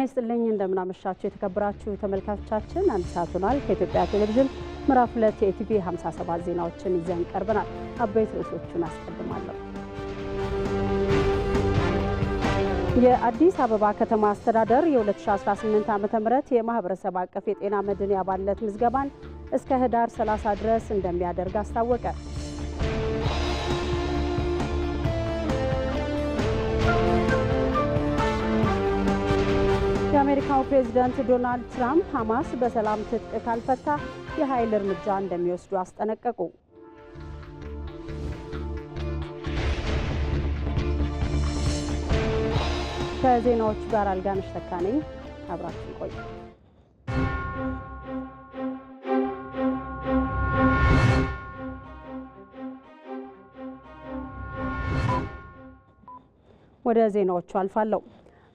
ጤና ይስጥልኝ እንደምናመሻችሁ የተከበራችሁ ተመልካቾቻችን፣ አንድ ሰዓት ሆኗል። ከኢትዮጵያ ቴሌቪዥን ምዕራፍ ሁለት የኢቲቪ 57 ዜናዎችን ይዘን ቀርበናል። አበይት ርዕሶቹን አስቀድማለሁ። የአዲስ አበባ ከተማ አስተዳደር የ2018 ዓ ም የማህበረሰብ አቀፍ የጤና መድን ያባለት ምዝገባን እስከ ህዳር 30 ድረስ እንደሚያደርግ አስታወቀ። የአሜሪካው ፕሬዚደንት ዶናልድ ትራምፕ ሐማስ በሰላም ትጥቅ ካልፈታ የኃይል እርምጃ እንደሚወስዱ አስጠነቀቁ። ከዜናዎቹ ጋር አልጋነሽ ተካ ነኝ። አብራችን ቆዩ። ወደ ዜናዎቹ አልፋለሁ።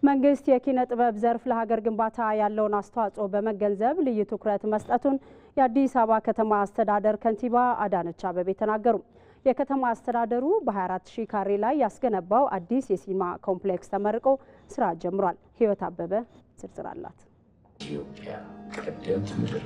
መንግስት የኪነ ጥበብ ዘርፍ ለሀገር ግንባታ ያለውን አስተዋጽኦ በመገንዘብ ልዩ ትኩረት መስጠቱን የአዲስ አበባ ከተማ አስተዳደር ከንቲባ አዳነች አበቤ ተናገሩ። የከተማ አስተዳደሩ በ24 ሺህ ካሬ ላይ ያስገነባው አዲስ የሲኒማ ኮምፕሌክስ ተመርቆ ስራ ጀምሯል። ህይወት አበበ ዝርዝር አላት። ኢትዮጵያ ቀደምት ምድር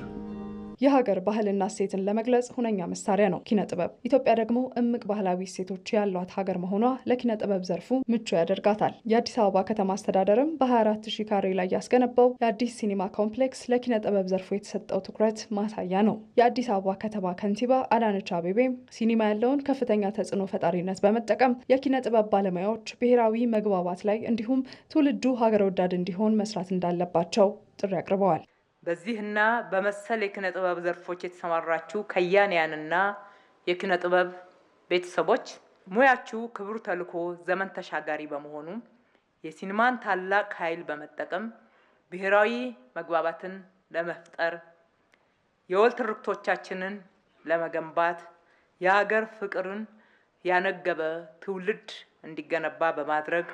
የሀገር ባህልና እሴትን ለመግለጽ ሁነኛ መሳሪያ ነው ኪነ ጥበብ። ኢትዮጵያ ደግሞ እምቅ ባህላዊ እሴቶች ያሏት ሀገር መሆኗ ለኪነ ጥበብ ዘርፉ ምቹ ያደርጋታል። የአዲስ አበባ ከተማ አስተዳደርም በ24 ሺህ ካሬ ላይ ያስገነባው የአዲስ ሲኒማ ኮምፕሌክስ ለኪነ ጥበብ ዘርፉ የተሰጠው ትኩረት ማሳያ ነው። የአዲስ አበባ ከተማ ከንቲባ አዳነች አቤቤም ሲኒማ ያለውን ከፍተኛ ተጽዕኖ ፈጣሪነት በመጠቀም የኪነ ጥበብ ባለሙያዎች ብሔራዊ መግባባት ላይ እንዲሁም ትውልዱ ሀገር ወዳድ እንዲሆን መስራት እንዳለባቸው ጥሪ አቅርበዋል። በዚህና በመሰል የኪነ ጥበብ ዘርፎች የተሰማራችሁ ከያንያንና የኪነ ጥበብ ቤተሰቦች ሙያችሁ ክቡር ተልኮ ዘመን ተሻጋሪ በመሆኑ የሲኒማን ታላቅ ኃይል በመጠቀም ብሔራዊ መግባባትን ለመፍጠር የወል ትርክቶቻችንን ለመገንባት የሀገር ፍቅርን ያነገበ ትውልድ እንዲገነባ በማድረግ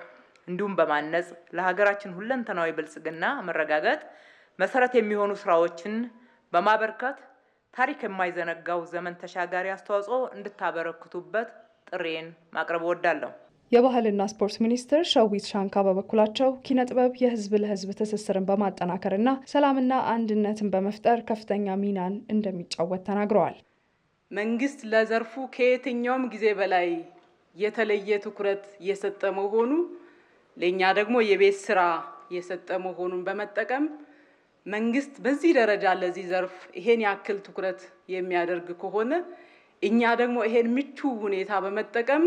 እንዲሁም በማነጽ ለሀገራችን ሁለንተናዊ ብልጽግና መረጋገጥ መሰረት የሚሆኑ ስራዎችን በማበርከት ታሪክ የማይዘነጋው ዘመን ተሻጋሪ አስተዋጽኦ እንድታበረክቱበት ጥሬን ማቅረብ እወዳለሁ። የባህልና ስፖርት ሚኒስትር ሸዊት ሻንካ በበኩላቸው ኪነ ጥበብ የህዝብ ለህዝብ ትስስርን በማጠናከርና ሰላምና አንድነትን በመፍጠር ከፍተኛ ሚናን እንደሚጫወት ተናግረዋል። መንግስት ለዘርፉ ከየትኛውም ጊዜ በላይ የተለየ ትኩረት የሰጠ መሆኑ ለእኛ ደግሞ የቤት ስራ የሰጠ መሆኑን በመጠቀም መንግስት በዚህ ደረጃ ለዚህ ዘርፍ ይሄን ያክል ትኩረት የሚያደርግ ከሆነ እኛ ደግሞ ይሄን ምቹ ሁኔታ በመጠቀም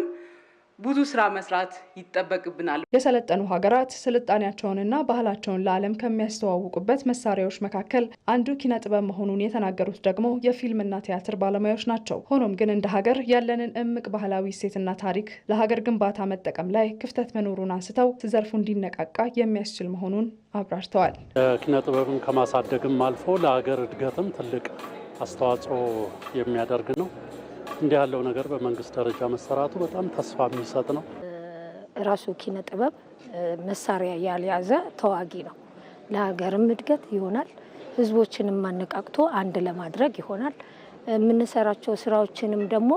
ብዙ ስራ መስራት ይጠበቅብናል። የሰለጠኑ ሀገራት ስልጣኔያቸውንና ባህላቸውን ለዓለም ከሚያስተዋውቁበት መሳሪያዎች መካከል አንዱ ኪነ ጥበብ መሆኑን የተናገሩት ደግሞ የፊልምና ቲያትር ባለሙያዎች ናቸው። ሆኖም ግን እንደ ሀገር ያለንን እምቅ ባህላዊ እሴትና ታሪክ ለሀገር ግንባታ መጠቀም ላይ ክፍተት መኖሩን አንስተው ዘርፉ እንዲነቃቃ የሚያስችል መሆኑን አብራርተዋል። ኪነ ጥበብን ከማሳደግም አልፎ ለሀገር እድገትም ትልቅ አስተዋጽኦ የሚያደርግ ነው። እንዲህ ያለው ነገር በመንግስት ደረጃ መሰራቱ በጣም ተስፋ የሚሰጥ ነው። ራሱ ኪነ ጥበብ መሳሪያ ያልያዘ ተዋጊ ነው። ለሀገርም እድገት ይሆናል። ህዝቦችንም አነቃቅቶ አንድ ለማድረግ ይሆናል። የምንሰራቸው ስራዎችንም ደግሞ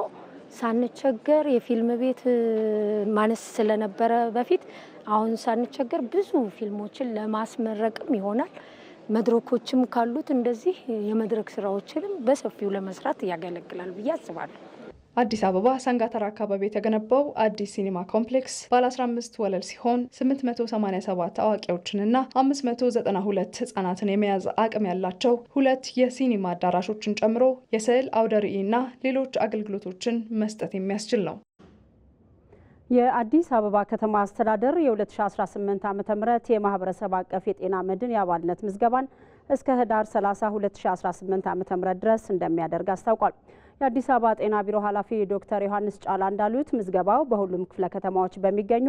ሳንቸገር የፊልም ቤት ማነስ ስለነበረ በፊት አሁን ሳንቸገር ብዙ ፊልሞችን ለማስመረቅም ይሆናል። መድረኮችም ካሉት እንደዚህ የመድረክ ስራዎችንም በሰፊው ለመስራት ያገለግላል ብዬ አስባለሁ። አዲስ አበባ ሰንጋተራ አካባቢ የተገነባው አዲስ ሲኒማ ኮምፕሌክስ ባለ 15 ወለል ሲሆን 887 አዋቂዎችንና 592 ህጻናትን የመያዝ አቅም ያላቸው ሁለት የሲኒማ አዳራሾችን ጨምሮ የስዕል አውደ ርዕይና ሌሎች አገልግሎቶችን መስጠት የሚያስችል ነው። የአዲስ አበባ ከተማ አስተዳደር የ2018 ዓ ም የማህበረሰብ አቀፍ የጤና መድን የአባልነት ምዝገባን እስከ ህዳር 30 2018 ዓ ም ድረስ እንደሚያደርግ አስታውቋል። የአዲስ አበባ ጤና ቢሮ ኃላፊ ዶክተር ዮሐንስ ጫላ እንዳሉት ምዝገባው በሁሉም ክፍለ ከተማዎች በሚገኙ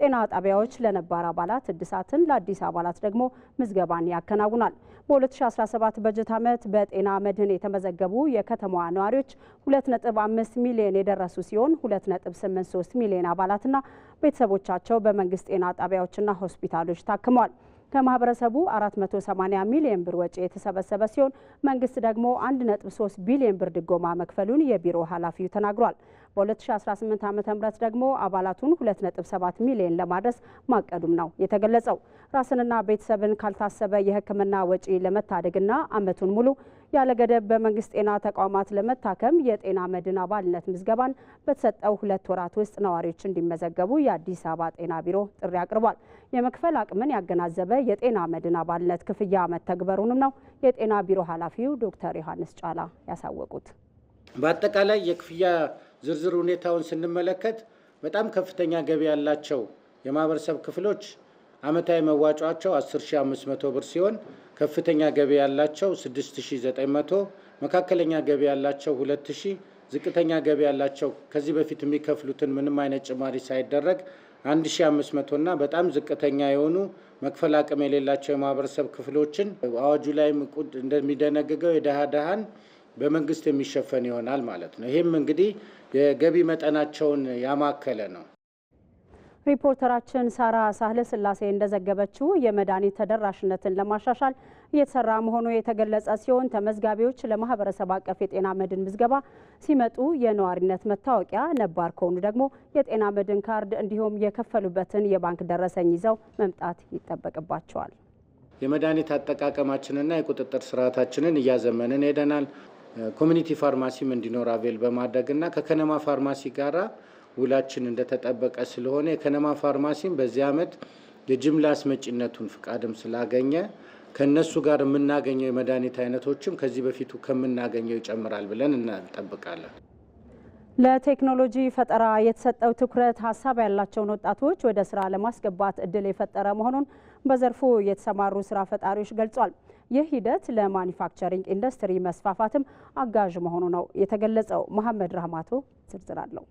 ጤና ጣቢያዎች ለነባር አባላት እድሳትን፣ ለአዲስ አባላት ደግሞ ምዝገባን ያከናውናል። በ2017 በጀት ዓመት በጤና መድህን የተመዘገቡ የከተማዋ ነዋሪዎች 2.5 ሚሊዮን የደረሱ ሲሆን 2.83 ሚሊዮን አባላትና ቤተሰቦቻቸው በመንግስት ጤና ጣቢያዎችና ሆስፒታሎች ታክመዋል። ከማህበረሰቡ 480 ሚሊዮን ብር ወጪ የተሰበሰበ ሲሆን መንግስት ደግሞ 1.3 ቢሊዮን ብር ድጎማ መክፈሉን የቢሮ ኃላፊው ተናግሯል። በ2018 ዓ ም ደግሞ አባላቱን 2.7 ሚሊዮን ለማድረስ ማቀዱም ነው የተገለጸው። ራስንና ቤተሰብን ካልታሰበ የሕክምና ወጪ ለመታደግና ዓመቱን ሙሉ ያለገደብ በመንግስት ጤና ተቋማት ለመታከም የጤና መድን አባልነት ምዝገባን በተሰጠው ሁለት ወራት ውስጥ ነዋሪዎች እንዲመዘገቡ የአዲስ አበባ ጤና ቢሮ ጥሪ አቅርቧል። የመክፈል አቅምን ያገናዘበ የጤና መድን አባልነት ክፍያ መተግበሩንም ነው የጤና ቢሮ ኃላፊው ዶክተር ዮሐንስ ጫላ ያሳወቁት። በአጠቃላይ የክፍያ ዝርዝር ሁኔታውን ስንመለከት በጣም ከፍተኛ ገቢ ያላቸው የማህበረሰብ ክፍሎች አመታዊ መዋጫቸው 10500 ብር ሲሆን ከፍተኛ ገቢ ያላቸው 6900፣ መካከለኛ ገቢ ያላቸው 2000፣ ዝቅተኛ ገቢ ያላቸው ከዚህ በፊት የሚከፍሉትን ምንም አይነት ጭማሪ ሳይደረግ 1500 እና በጣም ዝቅተኛ የሆኑ መክፈል አቅም የሌላቸው የማህበረሰብ ክፍሎችን አዋጁ ላይ እንደሚደነግገው የደሃ ደሃን በመንግስት የሚሸፈን ይሆናል ማለት ነው። ይህም እንግዲህ የገቢ መጠናቸውን ያማከለ ነው። ሪፖርተራችን ሳራ ሳህለ ስላሴ እንደዘገበችው የመድኃኒት ተደራሽነትን ለማሻሻል እየተሰራ መሆኑ የተገለጸ ሲሆን ተመዝጋቢዎች ለማህበረሰብ አቀፍ የጤና መድን ምዝገባ ሲመጡ የነዋሪነት መታወቂያ፣ ነባር ከሆኑ ደግሞ የጤና መድን ካርድ እንዲሁም የከፈሉበትን የባንክ ደረሰኝ ይዘው መምጣት ይጠበቅባቸዋል። የመድኃኒት አጠቃቀማችንና የቁጥጥር ስርዓታችንን እያዘመንን ሄደናል። ኮሚኒቲ ፋርማሲም እንዲኖር አቬል በማድረግ እና ከከነማ ፋርማሲ ጋር ውላችን እንደተጠበቀ ስለሆነ የከነማ ፋርማሲም በዚህ አመት የጅምላ አስመጭነቱን ፍቃድም ስላገኘ ከነሱ ጋር የምናገኘው የመድኃኒት አይነቶችም ከዚህ በፊቱ ከምናገኘው ይጨምራል ብለን እንጠብቃለን። ለቴክኖሎጂ ፈጠራ የተሰጠው ትኩረት ሀሳብ ያላቸውን ወጣቶች ወደ ስራ ለማስገባት እድል የፈጠረ መሆኑን በዘርፉ የተሰማሩ ስራ ፈጣሪዎች ገልጿል። ይህ ሂደት ለማኒፋክቸሪንግ ኢንዱስትሪ መስፋፋትም አጋዥ መሆኑ ነው የተገለጸው። መሐመድ ረህማቶ ዝርዝር አለው።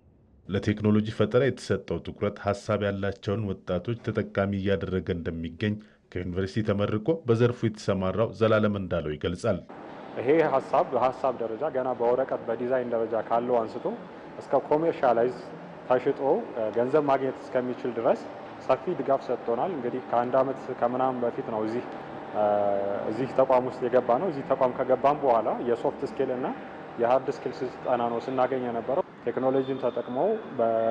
ለቴክኖሎጂ ፈጠራ የተሰጠው ትኩረት ሀሳብ ያላቸውን ወጣቶች ተጠቃሚ እያደረገ እንደሚገኝ ከዩኒቨርሲቲ ተመርቆ በዘርፉ የተሰማራው ዘላለም እንዳለው ይገልጻል። ይሄ ሀሳብ በሀሳብ ደረጃ ገና በወረቀት በዲዛይን ደረጃ ካለው አንስቶ እስከ ኮሜርሻላይዝ ተሽጦ ገንዘብ ማግኘት እስከሚችል ድረስ ሰፊ ድጋፍ ሰጥቶናል። እንግዲህ ከአንድ ዓመት ከምናምን በፊት ነው እዚህ እዚህ ተቋም ውስጥ የገባ ነው። እዚህ ተቋም ከገባም በኋላ የሶፍት ስኪል እና የሀርድ ስኪል ስልጠና ነው ስናገኝ የነበረው። ቴክኖሎጂን ተጠቅመው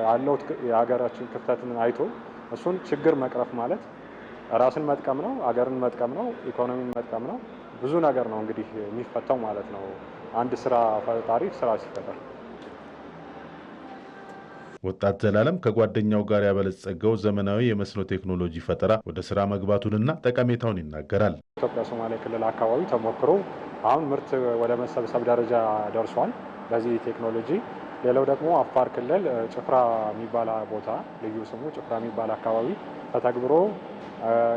ያለው የሀገራችን ክፍተትን አይቶ እሱን ችግር መቅረፍ ማለት ራስን መጥቀም ነው፣ አገርን መጥቀም ነው፣ ኢኮኖሚን መጥቀም ነው። ብዙ ነገር ነው እንግዲህ የሚፈታው ማለት ነው። አንድ ስራ ፈጣሪ ስራ ሲፈጠር ወጣት ዘላለም ከጓደኛው ጋር ያበለጸገው ዘመናዊ የመስኖ ቴክኖሎጂ ፈጠራ ወደ ስራ መግባቱንና ጠቀሜታውን ይናገራል። ኢትዮጵያ ሶማሌ ክልል አካባቢ ተሞክሮ አሁን ምርት ወደ መሰብሰብ ደረጃ ደርሷል በዚህ ቴክኖሎጂ። ሌላው ደግሞ አፋር ክልል ጭፍራ የሚባል ቦታ ልዩ ስሙ ጭፍራ የሚባል አካባቢ ተተግብሮ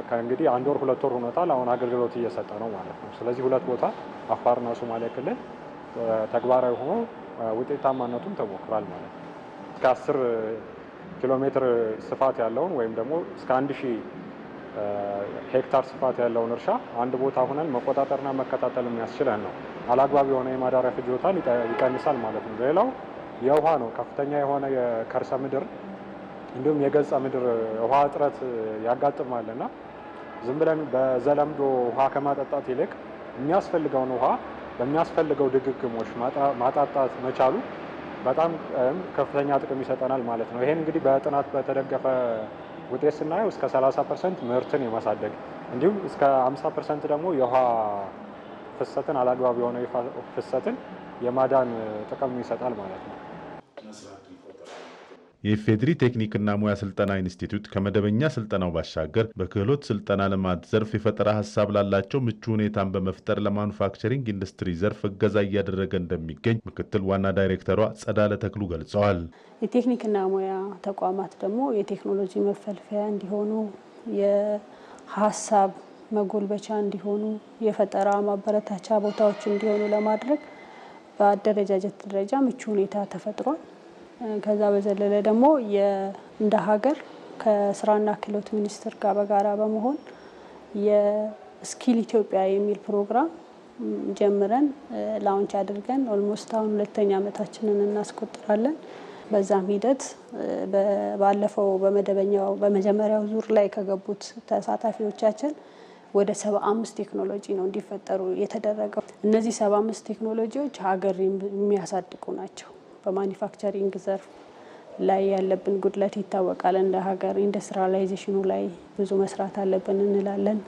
ከእንግዲህ አንድ ወር ሁለት ወር ሆኖታል። አሁን አገልግሎት እየሰጠ ነው ማለት ነው። ስለዚህ ሁለት ቦታ አፋርና ሶማሌ ክልል ተግባራዊ ሆኖ ውጤታማነቱም ተሞክሯል ማለት ነው። እስከ 10 ኪሎ ሜትር ስፋት ያለውን ወይም ደግሞ እስከ 1000 ሄክታር ስፋት ያለውን እርሻ አንድ ቦታ ሆነን መቆጣጠርና መከታተል የሚያስችለን ነው። አላግባብ የሆነ የማዳሪያ ፍጆታን ይቀንሳል ማለት ነው። ሌላው የውሃ ነው። ከፍተኛ የሆነ የከርሰ ምድር እንዲሁም የገጸ ምድር ውሃ እጥረት ያጋጥማልና ዝም ብለን በዘለምዶ ውሃ ከማጠጣት ይልቅ የሚያስፈልገውን ውሃ በሚያስፈልገው ድግግሞች ማጣጣት መቻሉ በጣም ከፍተኛ ጥቅም ይሰጠናል ማለት ነው። ይሄን እንግዲህ በጥናት በተደገፈ ውጤት ስናየው እስከ 30 ፐርሰንት ምርትን የማሳደግ እንዲሁም እስከ 50 ፐርሰንት ደግሞ የውሃ ፍሰትን አላግባብ የሆነ ፍሰትን የማዳን ጥቅም ይሰጣል ማለት ነው። የኢፌድሪ ቴክኒክና ሙያ ስልጠና ኢንስቲትዩት ከመደበኛ ስልጠናው ባሻገር በክህሎት ስልጠና ልማት ዘርፍ የፈጠራ ሀሳብ ላላቸው ምቹ ሁኔታን በመፍጠር ለማኑፋክቸሪንግ ኢንዱስትሪ ዘርፍ እገዛ እያደረገ እንደሚገኝ ምክትል ዋና ዳይሬክተሯ ጸዳለ ተክሉ ገልጸዋል። የቴክኒክና ሙያ ተቋማት ደግሞ የቴክኖሎጂ መፈልፈያ እንዲሆኑ፣ የሀሳብ መጎልበቻ እንዲሆኑ፣ የፈጠራ ማበረታቻ ቦታዎች እንዲሆኑ ለማድረግ በአደረጃጀት ደረጃ ምቹ ሁኔታ ተፈጥሯል። ከዛ በዘለለ ደግሞ እንደ ሀገር ከስራና ክህሎት ሚኒስቴር ጋር በጋራ በመሆን የስኪል ኢትዮጵያ የሚል ፕሮግራም ጀምረን ላውንች አድርገን ኦልሞስት አሁን ሁለተኛ ዓመታችንን እናስቆጥራለን። በዛም ሂደት ባለፈው በመደበኛው በመጀመሪያው ዙር ላይ ከገቡት ተሳታፊዎቻችን ወደ ሰባ አምስት ቴክኖሎጂ ነው እንዲፈጠሩ የተደረገው። እነዚህ ሰባ አምስት ቴክኖሎጂዎች ሀገር የሚያሳድቁ ናቸው። በማኒፋክቸሪንግ ዘርፍ ላይ ያለብን ጉድለት ይታወቃል። እንደ ሀገር ኢንዱስትሪላይዜሽኑ ላይ ብዙ መስራት አለብን እንላለን።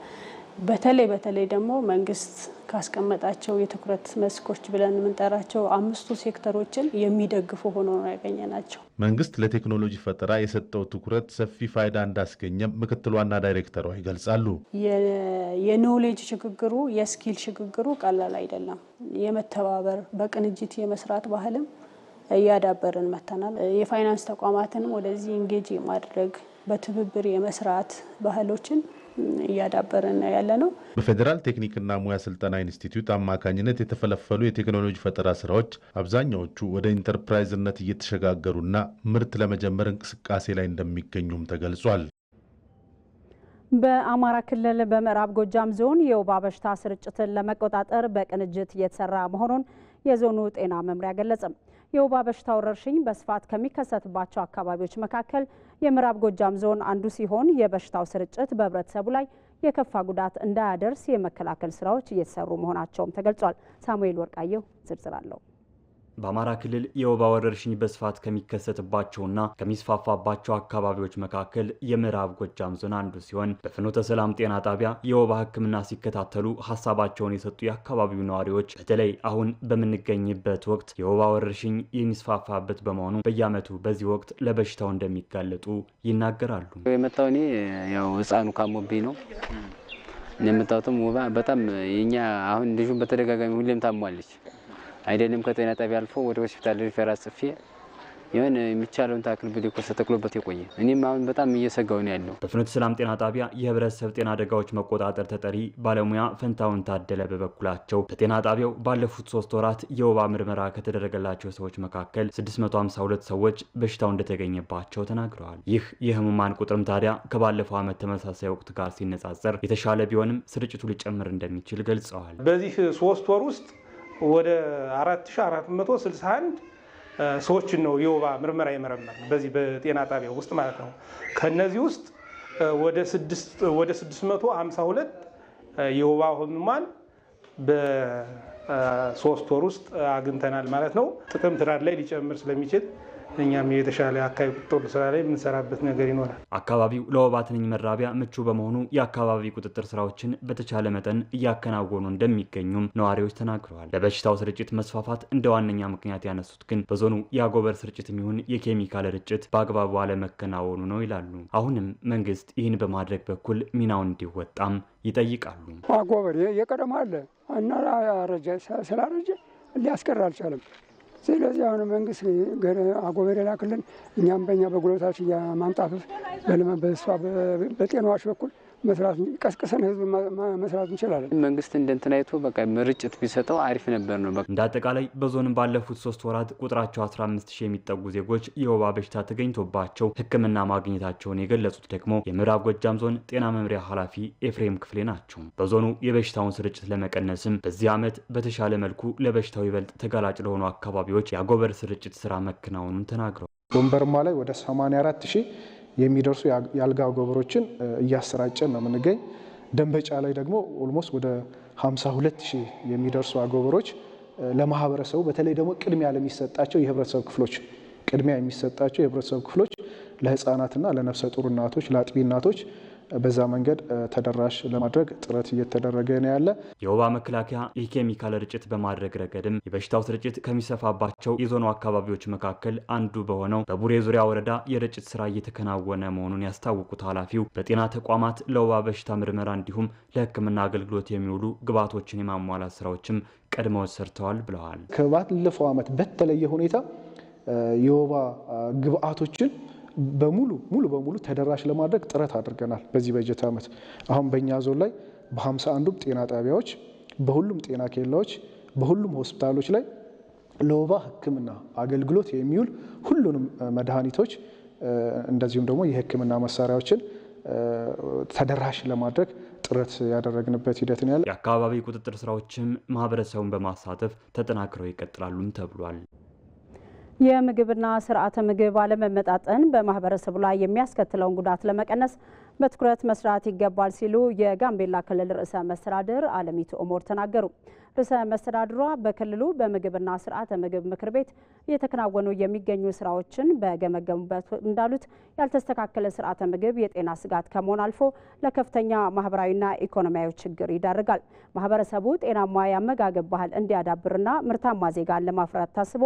በተለይ በተለይ ደግሞ መንግስት ካስቀመጣቸው የትኩረት መስኮች ብለን የምንጠራቸው አምስቱ ሴክተሮችን የሚደግፉ ሆኖ ነው ያገኘ ናቸው። መንግስት ለቴክኖሎጂ ፈጠራ የሰጠው ትኩረት ሰፊ ፋይዳ እንዳስገኘም ምክትል ዋና ዳይሬክተሯ ይገልጻሉ። የኖሌጅ ሽግግሩ የስኪል ሽግግሩ ቀላል አይደለም። የመተባበር በቅንጅት የመስራት ባህልም እያዳበርን መተናል። የፋይናንስ ተቋማትንም ወደዚህ እንጌጅ የማድረግ በትብብር የመስራት ባህሎችን እያዳበርን ያለ ነው። በፌዴራል ቴክኒክና ሙያ ስልጠና ኢንስቲትዩት አማካኝነት የተፈለፈሉ የቴክኖሎጂ ፈጠራ ስራዎች አብዛኛዎቹ ወደ ኢንተርፕራይዝነት እየተሸጋገሩና ምርት ለመጀመር እንቅስቃሴ ላይ እንደሚገኙም ተገልጿል። በአማራ ክልል በምዕራብ ጎጃም ዞን የወባ በሽታ ስርጭትን ለመቆጣጠር በቅንጅት እየተሰራ መሆኑን የዞኑ ጤና መምሪያ ገለጸም። የወባ በሽታ ወረርሽኝ በስፋት ከሚከሰትባቸው አካባቢዎች መካከል የምዕራብ ጎጃም ዞን አንዱ ሲሆን የበሽታው ስርጭት በህብረተሰቡ ላይ የከፋ ጉዳት እንዳያደርስ የመከላከል ስራዎች እየተሰሩ መሆናቸውም ተገልጿል። ሳሙኤል ወርቃየሁ ዝርዝር አለው። በአማራ ክልል የወባ ወረርሽኝ በስፋት ከሚከሰትባቸውና ከሚስፋፋባቸው አካባቢዎች መካከል የምዕራብ ጎጃም ዞን አንዱ ሲሆን በፍኖተ ሰላም ጤና ጣቢያ የወባ ሕክምና ሲከታተሉ ሀሳባቸውን የሰጡ የአካባቢው ነዋሪዎች በተለይ አሁን በምንገኝበት ወቅት የወባ ወረርሽኝ የሚስፋፋበት በመሆኑ በየዓመቱ በዚህ ወቅት ለበሽታው እንደሚጋለጡ ይናገራሉ። የመጣው እኔ ያው ህፃኑ ካሞብኝ ነው የምታውትም ወባ በጣም የኛ አሁን ልጁ በተደጋጋሚ ሁሌም ታሟለች። አይደለም ከጤና ጣቢያ አልፎ ወደ ሆስፒታል ሪፈራ ጽፌ የሆነ የሚቻለውን ታክል ብሌኮስ ተተክሎበት የቆየ እኔም አሁን በጣም እየሰጋው ነው ያለው። በፍኖተ ሰላም ጤና ጣቢያ የህብረተሰብ ጤና አደጋዎች መቆጣጠር ተጠሪ ባለሙያ ፈንታውን ታደለ በበኩላቸው በጤና ጣቢያው ባለፉት ሶስት ወራት የወባ ምርመራ ከተደረገላቸው ሰዎች መካከል 652 ሰዎች በሽታው እንደተገኘባቸው ተናግረዋል። ይህ የህሙማን ቁጥርም ታዲያ ከባለፈው ዓመት ተመሳሳይ ወቅት ጋር ሲነጻጸር የተሻለ ቢሆንም ስርጭቱ ሊጨምር እንደሚችል ገልጸዋል። በዚህ ሶስት ወር ውስጥ ወደ 4461 ሰዎችን ነው የወባ ምርመራ የመረመር በዚህ በጤና ጣቢያ ውስጥ ማለት ነው። ከነዚህ ውስጥ ወደ 652 የወባ ህሙማን በሶስት ወር ውስጥ አግኝተናል ማለት ነው። ጥቅምት ዳር ላይ ሊጨምር ስለሚችል እኛም የተሻለ አካባቢ ቁጥጥር ስራ ላይ የምንሰራበት ነገር ይኖራል። አካባቢው ለወባ ትንኝ መራቢያ ምቹ በመሆኑ የአካባቢ ቁጥጥር ስራዎችን በተቻለ መጠን እያከናወኑ እንደሚገኙም ነዋሪዎች ተናግረዋል። ለበሽታው ስርጭት መስፋፋት እንደ ዋነኛ ምክንያት ያነሱት ግን በዞኑ የአጎበር ስርጭት የሚሆን የኬሚካል ርጭት በአግባቡ አለመከናወኑ ነው ይላሉ። አሁንም መንግስት ይህን በማድረግ በኩል ሚናውን እንዲወጣም ይጠይቃሉ። አጎበር የቀደማ አለ እና ስላረጀ ሊያስቀር አልቻለም። ስለዚህ አሁን መንግስት አጎበሬ ላክልን እኛም በእኛ በጉልበታችን ማምጣት በልመ በጤናዎች በኩል መስራት ቀስቅሰን ህዝብ መስራት እንችላለን። መንግስት እንደንትናይቶ በቃ ርጭት ቢሰጠው አሪፍ ነበር ነው። እንደ አጠቃላይ በዞንም ባለፉት ሶስት ወራት ቁጥራቸው 15 ሺህ የሚጠጉ ዜጎች የወባ በሽታ ተገኝቶባቸው ሕክምና ማግኘታቸውን የገለጹት ደግሞ የምዕራብ ጎጃም ዞን ጤና መምሪያ ኃላፊ ኤፍሬም ክፍሌ ናቸው። በዞኑ የበሽታውን ስርጭት ለመቀነስም በዚህ ዓመት በተሻለ መልኩ ለበሽታው ይበልጥ ተጋላጭ ለሆኑ አካባቢዎች የአጎበር ስርጭት ስራ መከናወኑን ተናግረዋል። ወንበርማ ላይ ወደ 84 የሚደርሱ የአልጋ ጎበሮችን እያሰራጨን ነው የምንገኝ። ደንበጫ ላይ ደግሞ ኦልሞስት ወደ 52 ሺህ የሚደርሱ አጎበሮች ለማህበረሰቡ በተለይ ደግሞ ቅድሚያ ለሚሰጣቸው የህብረተሰብ ክፍሎች ቅድሚያ የሚሰጣቸው የህብረተሰብ ክፍሎች ለህፃናትና ለነፍሰ ጡር እናቶች ለአጥቢ እናቶች በዛ መንገድ ተደራሽ ለማድረግ ጥረት እየተደረገ ነው ያለ። የወባ መከላከያ የኬሚካል ርጭት በማድረግ ረገድም የበሽታው ስርጭት ከሚሰፋባቸው የዞኑ አካባቢዎች መካከል አንዱ በሆነው በቡሬ ዙሪያ ወረዳ የርጭት ስራ እየተከናወነ መሆኑን ያስታወቁት ኃላፊው በጤና ተቋማት ለወባ በሽታ ምርመራ እንዲሁም ለሕክምና አገልግሎት የሚውሉ ግብዓቶችን የማሟላት ስራዎችም ቀድመው ሰርተዋል ብለዋል። ከባለፈው ዓመት በተለየ ሁኔታ የወባ ግብዓቶችን በሙሉ ሙሉ በሙሉ ተደራሽ ለማድረግ ጥረት አድርገናል። በዚህ በጀት ዓመት አሁን በእኛ ዞን ላይ በሃምሳ አንዱም ጤና ጣቢያዎች፣ በሁሉም ጤና ኬላዎች፣ በሁሉም ሆስፒታሎች ላይ ለወባ ሕክምና አገልግሎት የሚውል ሁሉንም መድኃኒቶች እንደዚሁም ደግሞ የሕክምና መሳሪያዎችን ተደራሽ ለማድረግ ጥረት ያደረግንበት ሂደት ነው ያለ። የአካባቢ ቁጥጥር ስራዎችም ማህበረሰቡን በማሳተፍ ተጠናክረው ይቀጥላሉም ተብሏል። የምግብና ስርዓተ ምግብ አለመመጣጠን በማህበረሰቡ ላይ የሚያስከትለውን ጉዳት ለመቀነስ በትኩረት መስራት ይገባል ሲሉ የጋምቤላ ክልል ርዕሰ መስተዳድር አለሚቱ ኦሞር ተናገሩ። ርዕሰ መስተዳድሯ በክልሉ በምግብና ስርዓተ ምግብ ምክር ቤት እየተከናወኑ የሚገኙ ስራዎችን በገመገሙበት እንዳሉት ያልተስተካከለ ስርዓተ ምግብ የጤና ስጋት ከመሆን አልፎ ለከፍተኛ ማህበራዊና ኢኮኖሚያዊ ችግር ይዳርጋል። ማህበረሰቡ ጤናማ የአመጋገብ ባህል እንዲያዳብርና ምርታማ ዜጋን ለማፍራት ታስቦ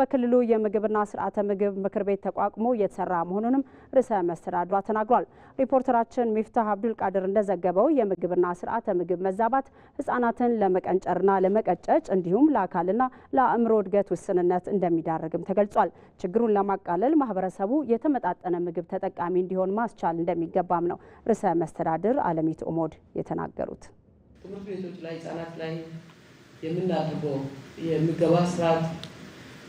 በክልሉ የምግብና ስርዓተ ምግብ ምክር ቤት ተቋቁሞ እየተሰራ መሆኑንም ርዕሰ መስተዳድሯ ተናግሯል። ሪፖርት ሪፖርተራችን ሚፍታህ አብዱል ቃድር እንደዘገበው የምግብና ስርዓተ ምግብ መዛባት ህጻናትን ለመቀንጨርና ለመቀጨጭ እንዲሁም ለአካልና ለአእምሮ እድገት ውስንነት እንደሚዳርግም ተገልጿል። ችግሩን ለማቃለል ማህበረሰቡ የተመጣጠነ ምግብ ተጠቃሚ እንዲሆን ማስቻል እንደሚገባም ነው ርዕሰ መስተዳድር አለሚት ኦሞድ የተናገሩት። ትምህርት ቤቶች ላይ ህጻናት ላይ የምገባ ስርዓት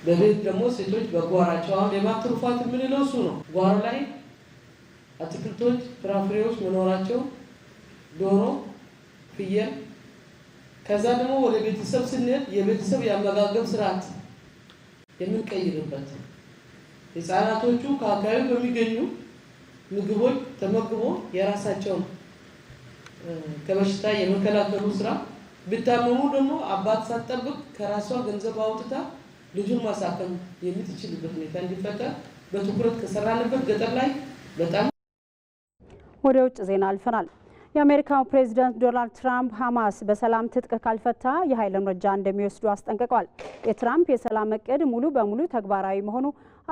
በቤት ደግሞ ሴቶች በጓራቸው አሁን የማትሩፋት የምንለው እሱ ነው ጓሮ ላይ አትክልቶች፣ ፍራፍሬዎች መኖራቸው ዶሮ፣ ፍየል። ከዛ ደግሞ ወደ ቤተሰብ ስንሄድ የቤተሰብ የአመጋገብ ስርዓት የምንቀይርበት ህፃናቶቹ ከአካባቢ በሚገኙ ምግቦች ተመግቦ የራሳቸውን ከበሽታ የመከላከሉ ስራ ብታመሙ ደግሞ አባት ሳትጠብቅ ከራሷ ገንዘብ አውጥታ ልጁን ማሳከም የምትችልበት ሁኔታ እንዲፈጠር በትኩረት ከሰራንበት ገጠር ላይ በጣም ወደ ውጭ ዜና አልፈናል። የአሜሪካው ፕሬዚደንት ዶናልድ ትራምፕ ሐማስ በሰላም ትጥቅ ካልፈታ የኃይል እርምጃ እንደሚወስዱ አስጠንቅቋል። የትራምፕ የሰላም እቅድ ሙሉ በሙሉ ተግባራዊ መሆኑ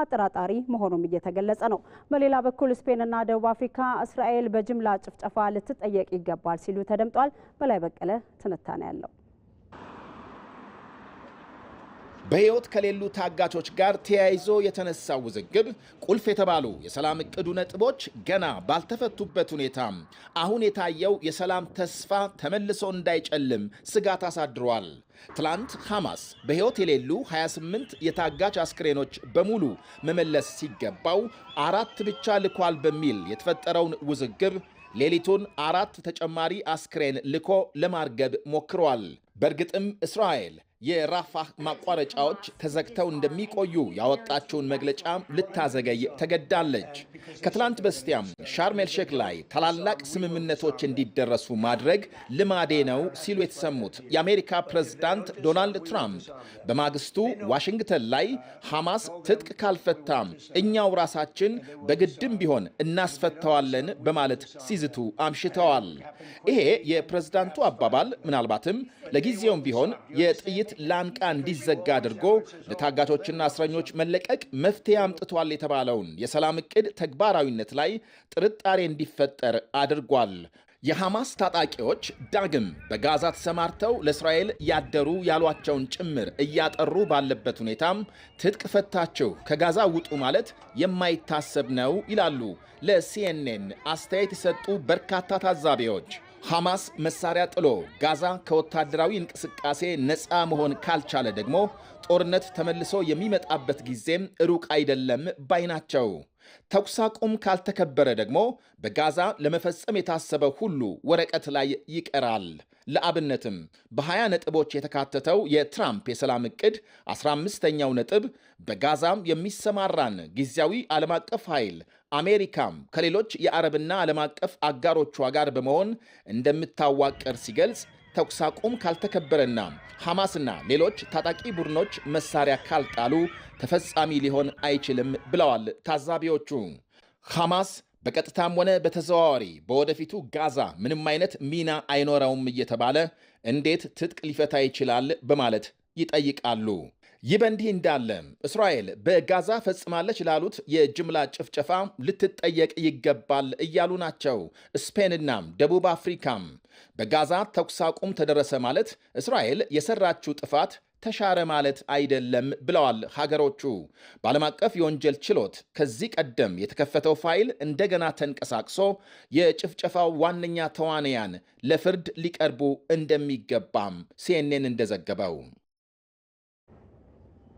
አጠራጣሪ መሆኑም እየተገለጸ ነው። በሌላ በኩል ስፔንና ደቡብ አፍሪካ እስራኤል በጅምላ ጭፍጨፋ ልትጠየቅ ይገባል ሲሉ ተደምጧል። በላይ በቀለ ትንታኔ ያለው በሕይወት ከሌሉ ታጋቾች ጋር ተያይዞ የተነሳው ውዝግብ ቁልፍ የተባሉ የሰላም እቅዱ ነጥቦች ገና ባልተፈቱበት ሁኔታ አሁን የታየው የሰላም ተስፋ ተመልሶ እንዳይጨልም ስጋት አሳድሯል። ትላንት ሐማስ በሕይወት የሌሉ 28 የታጋች አስክሬኖች በሙሉ መመለስ ሲገባው አራት ብቻ ልኳል በሚል የተፈጠረውን ውዝግብ ሌሊቱን አራት ተጨማሪ አስክሬን ልኮ ለማርገብ ሞክሯል። በእርግጥም እስራኤል የራፋህ ማቋረጫዎች ተዘግተው እንደሚቆዩ ያወጣችውን መግለጫ ልታዘገይ ተገዳለች። ከትላንት በስቲያም ሻርሜል ሼክ ላይ ታላላቅ ስምምነቶች እንዲደረሱ ማድረግ ልማዴ ነው ሲሉ የተሰሙት የአሜሪካ ፕሬዝዳንት ዶናልድ ትራምፕ በማግስቱ ዋሽንግተን ላይ ሐማስ ትጥቅ ካልፈታም እኛው ራሳችን በግድም ቢሆን እናስፈተዋለን በማለት ሲዝቱ አምሽተዋል። ይሄ የፕሬዝዳንቱ አባባል ምናልባትም ለጊዜውም ቢሆን የጥይት ቤት ላንቃ እንዲዘጋ አድርጎ ለታጋቾችና እስረኞች መለቀቅ መፍትሄ አምጥቷል የተባለውን የሰላም እቅድ ተግባራዊነት ላይ ጥርጣሬ እንዲፈጠር አድርጓል። የሐማስ ታጣቂዎች ዳግም በጋዛ ተሰማርተው ለእስራኤል ያደሩ ያሏቸውን ጭምር እያጠሩ ባለበት ሁኔታም ትጥቅ ፈታችሁ ከጋዛ ውጡ ማለት የማይታሰብ ነው ይላሉ ለሲኤንኤን አስተያየት የሰጡ በርካታ ታዛቢዎች። ሐማስ መሳሪያ ጥሎ ጋዛ ከወታደራዊ እንቅስቃሴ ነፃ መሆን ካልቻለ ደግሞ ጦርነት ተመልሶ የሚመጣበት ጊዜም ሩቅ አይደለም ባይ ናቸው። ተኩስ አቁም ካልተከበረ ደግሞ በጋዛ ለመፈጸም የታሰበ ሁሉ ወረቀት ላይ ይቀራል። ለአብነትም በ ነጥቦች የተካተተው የትራምፕ የሰላም እቅድ 15ኛው ነጥብ በጋዛም የሚሰማራን ጊዜያዊ ዓለም አቀፍ ኃይል አሜሪካም ከሌሎች የአረብና ዓለም አቀፍ አጋሮቿ ጋር በመሆን እንደምታዋቀር ሲገልጽ ተኩስ አቁም ካልተከበረና ሐማስና ሌሎች ታጣቂ ቡድኖች መሳሪያ ካልጣሉ ተፈጻሚ ሊሆን አይችልም ብለዋል ታዛቢዎቹ። ሐማስ በቀጥታም ሆነ በተዘዋዋሪ በወደፊቱ ጋዛ ምንም አይነት ሚና አይኖረውም እየተባለ እንዴት ትጥቅ ሊፈታ ይችላል በማለት ይጠይቃሉ። ይህ በእንዲህ እንዳለ እስራኤል በጋዛ ፈጽማለች ላሉት የጅምላ ጭፍጨፋ ልትጠየቅ ይገባል እያሉ ናቸው ስፔንናም ደቡብ አፍሪካም። በጋዛ ተኩስ አቁም ተደረሰ ማለት እስራኤል የሰራችው ጥፋት ተሻረ ማለት አይደለም ብለዋል ሀገሮቹ። በዓለም አቀፍ የወንጀል ችሎት ከዚህ ቀደም የተከፈተው ፋይል እንደገና ተንቀሳቅሶ የጭፍጨፋው ዋነኛ ተዋንያን ለፍርድ ሊቀርቡ እንደሚገባም ሲኤንኤን እንደዘገበው